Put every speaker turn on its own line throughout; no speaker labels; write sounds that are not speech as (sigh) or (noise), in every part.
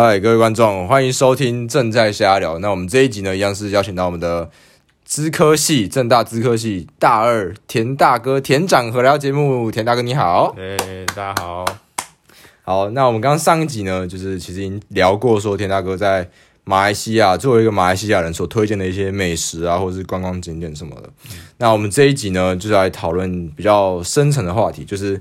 嗨，Hi, 各位觀眾，歡迎收聽正在瞎聊。那我們這一集呢，一樣是邀請到我們的資科系政大資科系大二田大哥田長和聊節目。田大哥你好，欸、大家好，好。那我們剛剛上一集呢，就是其實已經聊過，說田大哥在馬來西亞作為一個馬來西亞人所推薦的一些美食啊，或者是觀光景點什麼的。嗯、那我們這一集呢，就是來討論比較深層的話題，就是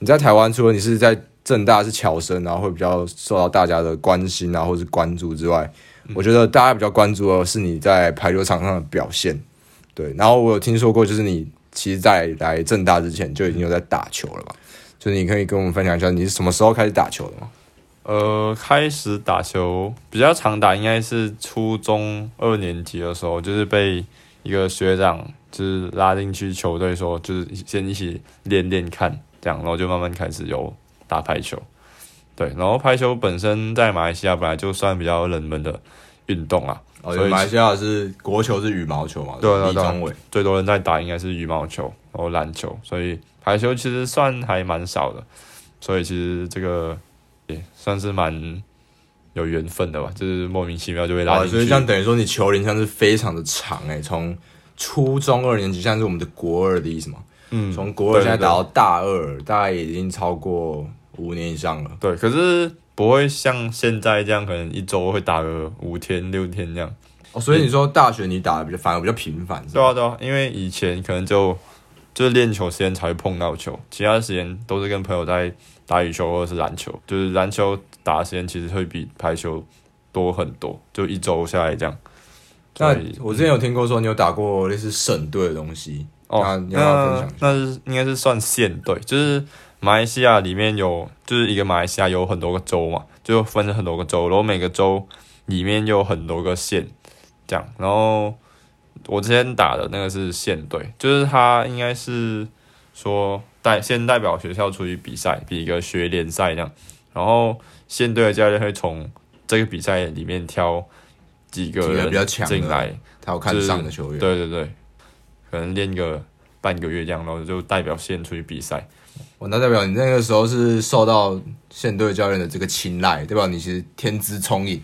你在台灣，除了你是在政大是僑生，然後會比較受到大家的關心啊，然後或者是關注之外，嗯，我覺得大家比較關注的是你在排球場上的表現，對。然後我有聽說過，就是你其實在來政大之前就已經有在打球了吧？就是你可以跟我們分享一下，你是什麼時候開始打球的嗎？呃，開始打球比較常打，應該是初中二年級的時候，就是被一個學長就是拉進去球隊，說就是先一起練練看，這樣，然後就慢慢開始有。打排球，對，然後排球本身在馬來西亞本來就算比較冷門的運動啊所、喔，所以馬來西亞是國球是羽毛球嘛？對對對，李宗偉最多人在打應該是羽毛球然後，籃球，所以排球其實算還蠻少的，所以其實這個也、欸、算是蠻有緣分的吧，就是莫名其妙就會拉進去、喔、所以像等於說你球齡像是非常的長哎、欸，從初中二年級像是我們的國二的意思嘛。從、嗯、國二現在打到大二，對對對，大概已經超過，五年以上了，對，可是不會像現在這樣，可能一周會打個五天六天這樣。哦，所以你說大學你打得比較，反而比較頻繁，嗯、對啊對啊，因為以前可能就就是練球時間才會碰到球，其他的時間都是跟朋友在打羽球或者是籃球，就是籃球打的時間其實會比排球多很多，就一周下來這樣。那我之前有聽過說你有打過類似省隊的東西、嗯、哦，那你有沒有辦法分享一下？那是應該是算縣隊，就是。馬來西亞裡面有就是一個馬來西亞有很多個州嘛，就分了很多個州，然後每個州裡面有很多個縣，這樣。然後我之前打的那個是縣隊，就是他應該是說代先代表學校出去比賽，比一個學聯賽這樣。然後縣隊的教練會從這個比賽裡面挑幾個人比較強進來，他有看上的球員。對對對，可能練個半個月這樣，然後就代表縣出去比賽。我、喔、那代表你那個時候是受到現隊教練的這個青睞，對吧？你其實天資聰穎，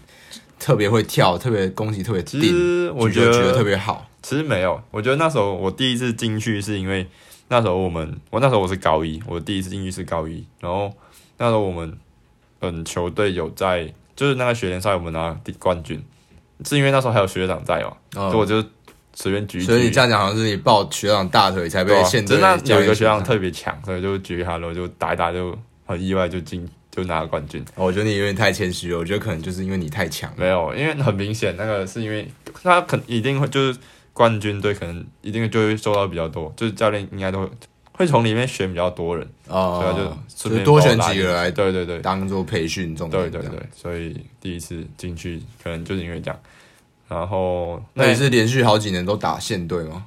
特別會跳，特別攻擊，特別其實我覺得，覺得，覺得特別好。其實沒有，我覺得那時候我第一次進去是因為那時候我們，我那時候我是高一，我第一次進去是高一。然後那時候我們本球隊有在，就是那個學聯賽我們拿冠軍，是因為那時候還有學長在哦，嗯、所以我就。隨便舉、啊，所以你這樣講好像是你抱學長大腿才被限制、啊。真的，有一個學長特別強，所以就舉一下，然後就打一打，就很意外就進就拿了冠軍、哦。我覺得你有點太謙虛了，我覺得可能就是因為你太強。沒有，因為很明顯那個是因為他肯一定會就是冠軍隊可能一定就會受到比較多，就是教練應該都會從裡面選比較多人啊，哦，所以就隨便多選幾個來當，對對對，當做培訓這種。對對對，所以第一次進去可能就是因為這樣。然後，那也是連續好幾年都打縣隊嗎？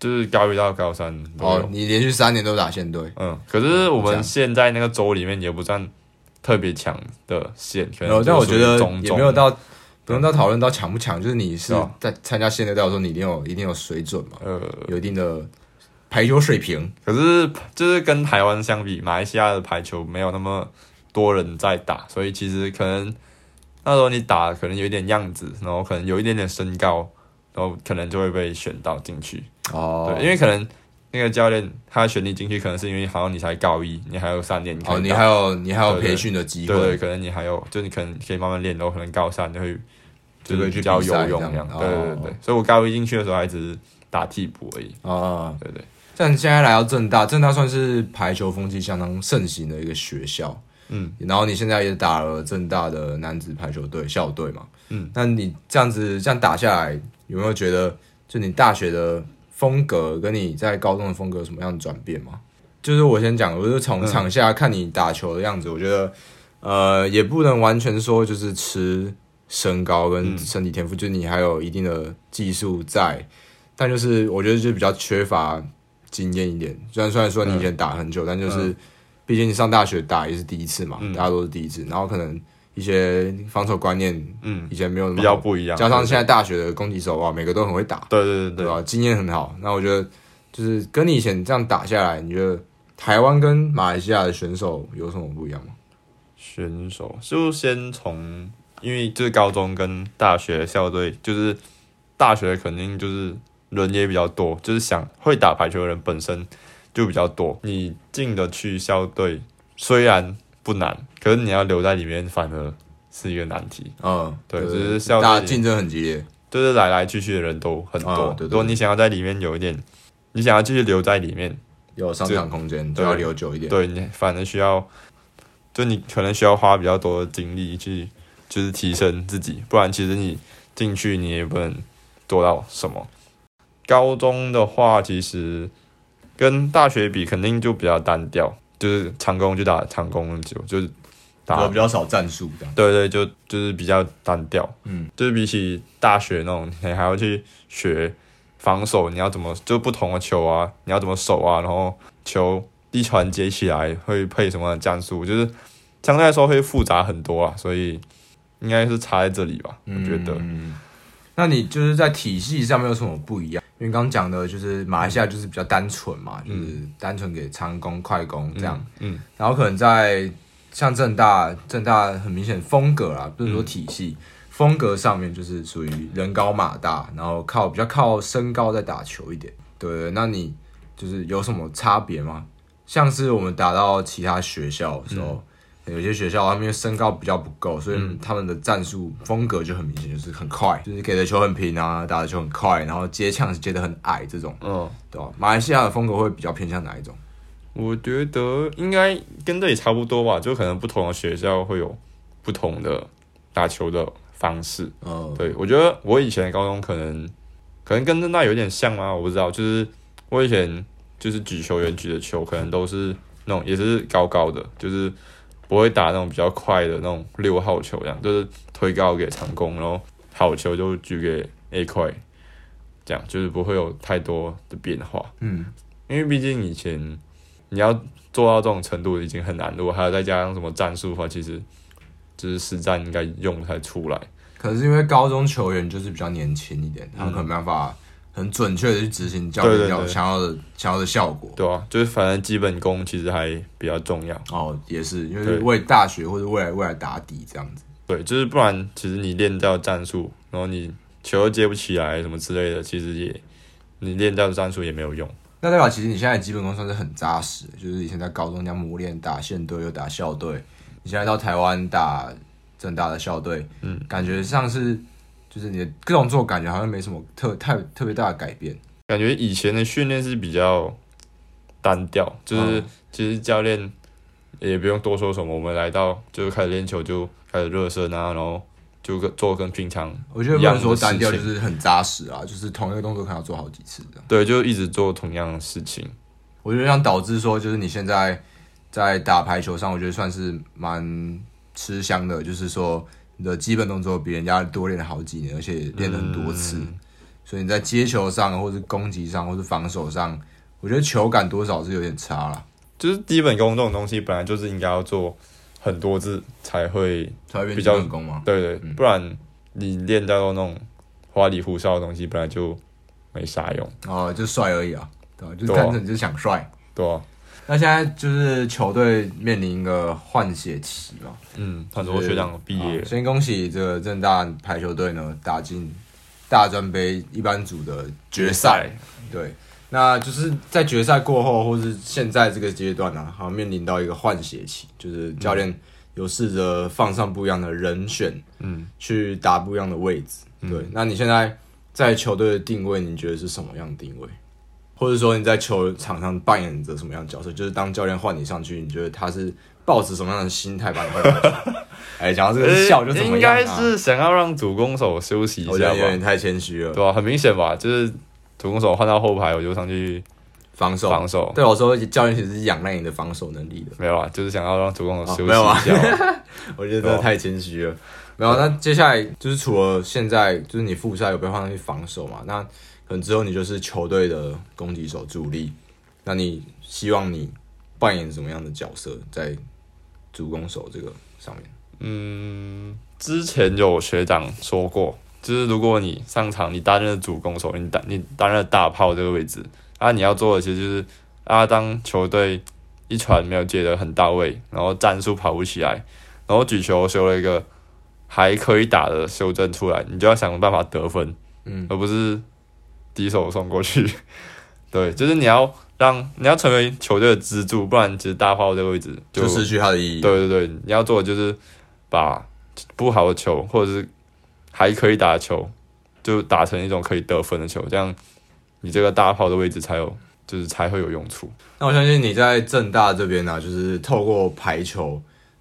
就是高一到高三哦，oh, 沒有，你連續三年都打縣隊。嗯，可是我們現在那個州裡面也不算特別強的縣，哦、嗯，但我覺得也沒有到、嗯、不用到討論到強不強，就是你是在參加縣隊的時候，你一定有一定有水準嘛，呃、嗯，有一定的排球水平。可是就是跟台灣相比，馬來西亞的排球沒有那麼多人在打，所以其實可能。那時候你打可能有一點樣子，然後可能有一點點身高，然後可能就會被選到進去。哦，oh. 對，因為可能那個教練他選你進去，可能是因為好像你才高一，你還有三年。哦、oh,，你還有你還有培訓的機會，對，對，對，可能你還有，就你可能可以慢慢練，然後可能高三就會直接去教游泳、oh. 對，對對對，所以我高一進去的時候還只是打替補而已。啊，oh. 對，對對。像你現在來到政大，政大算是排球風氣相當盛行的一個學校。嗯，然後你現在也打了正大的男子排球隊校隊嘛？嗯，那你這樣子這樣打下來，有沒有覺得就你大學的風格跟你在高中的風格有什麼樣的轉變嘛？就是我先講，我就從場下看你打球的樣子，嗯、我覺得呃，也不能完全說就是吃身高跟身體天賦，嗯、就是你還有一定的技術在，但就是我覺得就比較缺乏經驗一點。雖然雖然說你以前打很久，嗯、但就是。畢竟你上大學打也是第一次嘛，嗯、大家都是第一次，然後可能一些防守觀念，嗯，以前沒有，比較不一樣。加上現在大學的攻擊手啊，嗯、每個都很會打，對對對對，對，經驗很好。那我覺得就是跟你以前這樣打下來，你覺得台灣跟馬來西亞的選手有什麼不一樣嗎？選手就先從，因為就是高中跟大學校隊，就是大學肯定就是人也比較多，就是想會打排球的人本身。就比較多，你進得去校隊雖然不難，可是你要留在裡面反而是一個難題。嗯，對，就是校隊競爭很激烈，就是來來去去的人都很多。嗯、對對對。如果你想要在裡面有一點，你想要繼續留在裡面，有上場空間就要留久一點。對，對你，反正需要，就你可能需要花比較多的精力去，就是提升自己，不然其實你進去你也不能做到什麼。高中的話，其實。跟大學比，肯定就比較單調，就是長攻就打長攻球，就是打比較少戰術。對，對對，就就是比較單調，嗯，就是比起大學那種，你、欸、還要去學防守，你要怎麼就不同的球啊，你要怎麼守啊，然後球一傳接起來會配什麼戰術，就是相對來說會複雜很多啊，所以應該是差在這裡吧，嗯、我覺得。嗯，那你就是在體系上面有什麼不一樣？因為剛講的就是馬來西亞就是比較單純嘛，嗯、就是單純給長攻、快攻這樣。嗯，嗯然後可能在像政大，政大很明顯風格啦，不是說體系、嗯、風格上面就是屬於人高馬大，然後靠比較靠身高在打球一點。對，對，那你就是有什麼差別嗎？像是我們打到其他學校的時候。嗯有些學校他們因為身高比較不夠，所以他們的戰術風格就很明顯，嗯、就是很快，就是給的球很平啊，打的球很快，然後接槍是接得很矮這種。嗯，對、啊、馬來西亞的風格會比較偏向哪一種？我覺得應該跟這裡差不多吧，就可能不同的學校會有不同的打球的方式。嗯，對，我覺得我以前高中可能可能跟那有點像嗎？我不知道，就是我以前就是舉球員舉的球，可能都是那種也是高高的，就是。不會打那種比較快的那種六號球，一樣就是推高給長攻，然後好球就舉給 A 快。這樣就是不會有太多的變化。嗯，因為畢竟以前你要做到這種程度已經很難，如果還有再加上什麼戰術的話，其實就是實戰應該用才出來。可是因為高中球員就是比較年輕一點，他們可能沒辦法。嗯很準確的去執行教練要想要的想要，要的效果，對啊，就是反正基本功其實還比較重要。哦，也是，因、就、為、是、為大學對或者未來未來打底這樣子。對，就是不然，其實你練到戰術，然後你球又接不起來什麼之類的，其實也你練到戰術也沒有用。那代表其實你現在基本功算是很扎實，就是以前在高中這樣磨練，打線隊又打校隊，你現在到台灣打政大的校隊，嗯，感覺像是。就是你的各種做，感覺好像沒什麼特太特別大的改變。感覺以前的訓練是比較單調，就是、嗯、其實教練也不用多說什麼，我們來到就開始練球，就開始熱身啊，然後就做跟平常樣。我覺得不能說單調，就是很扎實啊，就是同一個動作可能要做好幾次的。對，就一直做同樣的事情。我覺得這樣導致說，就是你現在在打排球上，我覺得算是蠻吃香的，就是說。你的基本動作比人家多練了好幾年，而且練了很多次，嗯、所以你在接球上，或是攻擊上，或是防守上，我覺得球感多少是有點差了。就是基本功這種東西，本來就是應該要做很多次才會比較成功嘛。對對，不然你練到那種花裡胡哨的東西，本來就沒啥用。哦，就帥而已啊，對啊，就單、是、純就想帥、啊，對、啊。那現在就是球隊面臨一個換血期嘛，嗯，很多學長畢業，先恭喜這個正大排球隊呢打進大專杯一般組的決賽，對，那就是在決賽過後，或是現在這個階段呢、啊，好像面臨到一個換血期，就是教練有試着放上不一樣的人選，嗯，去打不一樣的位置，對，那你現在在球隊的定位，你覺得是什麼樣的定位？或者說你在球場上扮演着什麼樣的角色？就是當教練換你上去，你覺得他是抱持什麼樣的心態把你哎，講、 (laughs) 欸、到這個是笑就、啊，就應該是想要讓主攻手休息一下。我覺得你有點太謙虛了，對啊，很明顯吧，就是主攻手換到後排，我就上去防守防守。防守對我，我說教練其實是仰賴你的防守能力的。沒有啊，就是想要讓主攻手休息一下。啊、沒有 (laughs) 我覺得這太謙虛了。喔、沒有，那接下來就是除了現在，就是你副賽有被換上去防守嘛？那嗯，之後，你就是球隊的攻擊手主力。那你希望你扮演什麼樣的角色在主攻手這個上面？嗯，之前有學長說過，就是如果你上場，你擔任主攻手，你擔你擔任大炮這個位置啊，你要做的其實就是啊，當球隊一傳沒有接得很到位，然後戰術跑不起來，然後舉球修了一個還可以打的修正出來，你就要想辦法得分，嗯，而不是。一手送過去，對，就是你要讓你要成為球隊的支柱，不然其實大炮這個位置就，就失去它的意義。對對對，你要做的就是把不好的球或者是還可以打球，就打成一種可以得分的球，這樣你這個大炮的位置才有，就是才會有用處。那我相信你在政大這邊呢、啊，就是透過排球。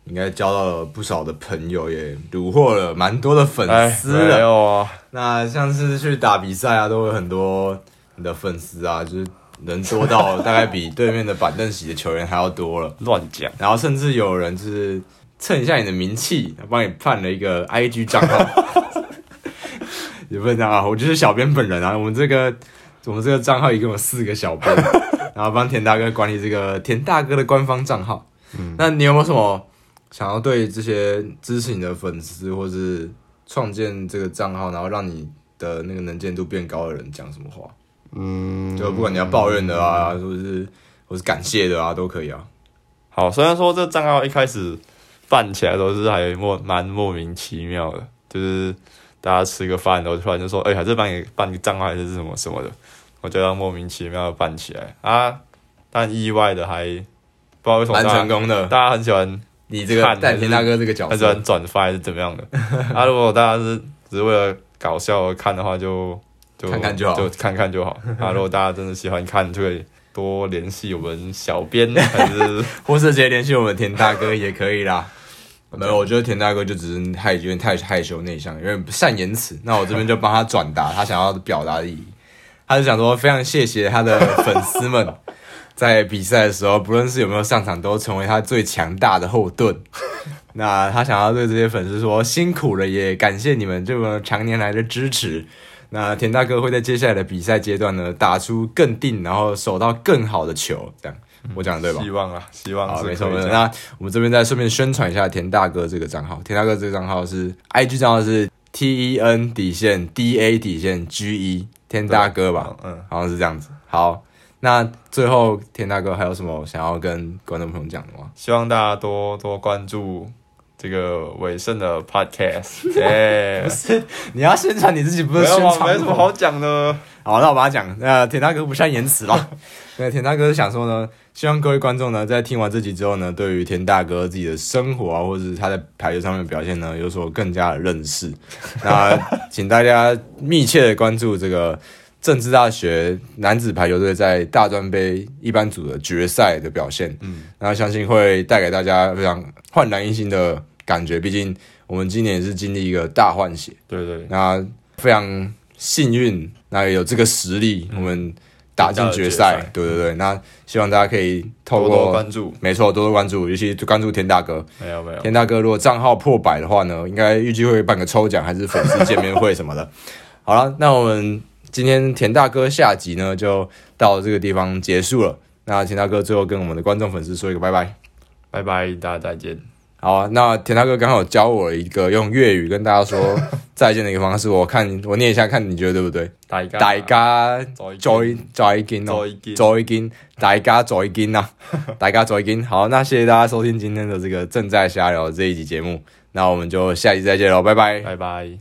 應該交到了不少的朋友耶，虜獲了蠻多的粉絲了。哎哎、那像是去打比賽啊，都有很多你的粉絲啊，就是人多到 (laughs) 大概比對面的板凳席的球員還要多了。亂講講。然後甚至有人就是蹭一下你的名氣，幫你辦了一個 I G 賬號。你 (laughs) (laughs) 不知道啊，我就是小編本人啊。我們這個我們這個賬號一共有四個小編， (laughs) 然後幫田大哥管理這個田大哥的官方賬號。嗯，那你有沒有什麼？想要對這些支持你的粉絲，或是創建這個賬號，然後讓你的那個能見度變高的人講什麼話？嗯，就不管你要抱怨的啊，嗯、是不是？或是感謝的啊，嗯、都可以啊。好，雖然說這賬號一開始辦起來都是還莫蠻莫名其妙的，就是大家吃個飯，然後突然就說，哎、欸，還是幫你辦個賬號還是什麼什麼的，我覺得莫名其妙的辦起來啊。但意外的還不知道為什麼，蠻成功的，大家很喜歡。你這個看田大哥這個角色，他喜歡轉發還是怎麼樣的？ (laughs) 啊，如果大家是只是為了搞笑而看的話就，就看看就，就看看就好，就看看就好。啊，如果大家真的喜歡看，就可以多聯繫我們小編，還是 (laughs) 或是直接聯繫我們田大哥也可以啦。沒有，我覺得田大哥就只是太有點太害羞內向，有點不善言辭。那我這邊就幫他轉達他想要表達的意義，他就想說非常謝謝他的粉絲們。 (laughs) 在比賽的時候，不論是有沒有上場，都成為他最強大的後盾。 (laughs) 那他想要對這些粉絲說，辛苦了耶，感謝你們這麼長年來的支持。那田大哥會在接下來的比賽階段呢，打出更定，然後守到更好的球，這樣我講對吧？希望啊，希望是。好，沒錯沒錯。那我們這邊再順便宣傳一下田大哥這個賬號。田大哥這個賬號是 IG 賬號是 T E N 底線 D A 底線 G E 田大哥吧，嗯，好像是這樣子。好。那最後，田大哥還有什麼想要跟觀眾朋友講的嗎？希望大家多多關注這個尾聲的 podcast、 (laughs) 欸。 (laughs) 不是，你要宣傳你自己，不是宣傳，沒什麼好講的。好，那我把它講。那田大哥不善言辭了。那 (laughs) 田大哥想說呢，希望各位觀眾呢，在聽完這集之後呢，對於田大哥自己的生活啊，或者是他在排球上面表現呢，有所更加的認識。那請大家密切的關注這個。政治大學男子排球隊在大專盃一般組的決賽的表現，嗯，然後相信會帶給大家非常煥然一新的感覺。畢竟我們今年也是經歷一個大換血，對，對對。那非常幸運，那也有這個實力，嗯、我們打進決賽，對對對。那希望大家可以透過多多關注，沒錯，多多關注，尤其關注田大哥。沒有沒有，田大哥如果賬號破百的話呢，應該預計會辦個抽獎還是粉絲見面會什麼的。 (laughs) 好了，那我們。今天田大哥下集呢就到這個地方結束了。那田大哥最後跟我們的觀眾粉絲說一個拜拜，拜拜，大家再見。好啊，那田大哥剛好教我一個用粵語跟大家說再見的一個方式，我看我念一下，看你覺得對不對？大家早一早早一斤早一斤，早一斤，大家早一斤吶，大家早一斤。好，那謝謝大家收聽今天的這個正在瞎聊這一集節目，那我們就下期再見嘍，拜拜，拜拜。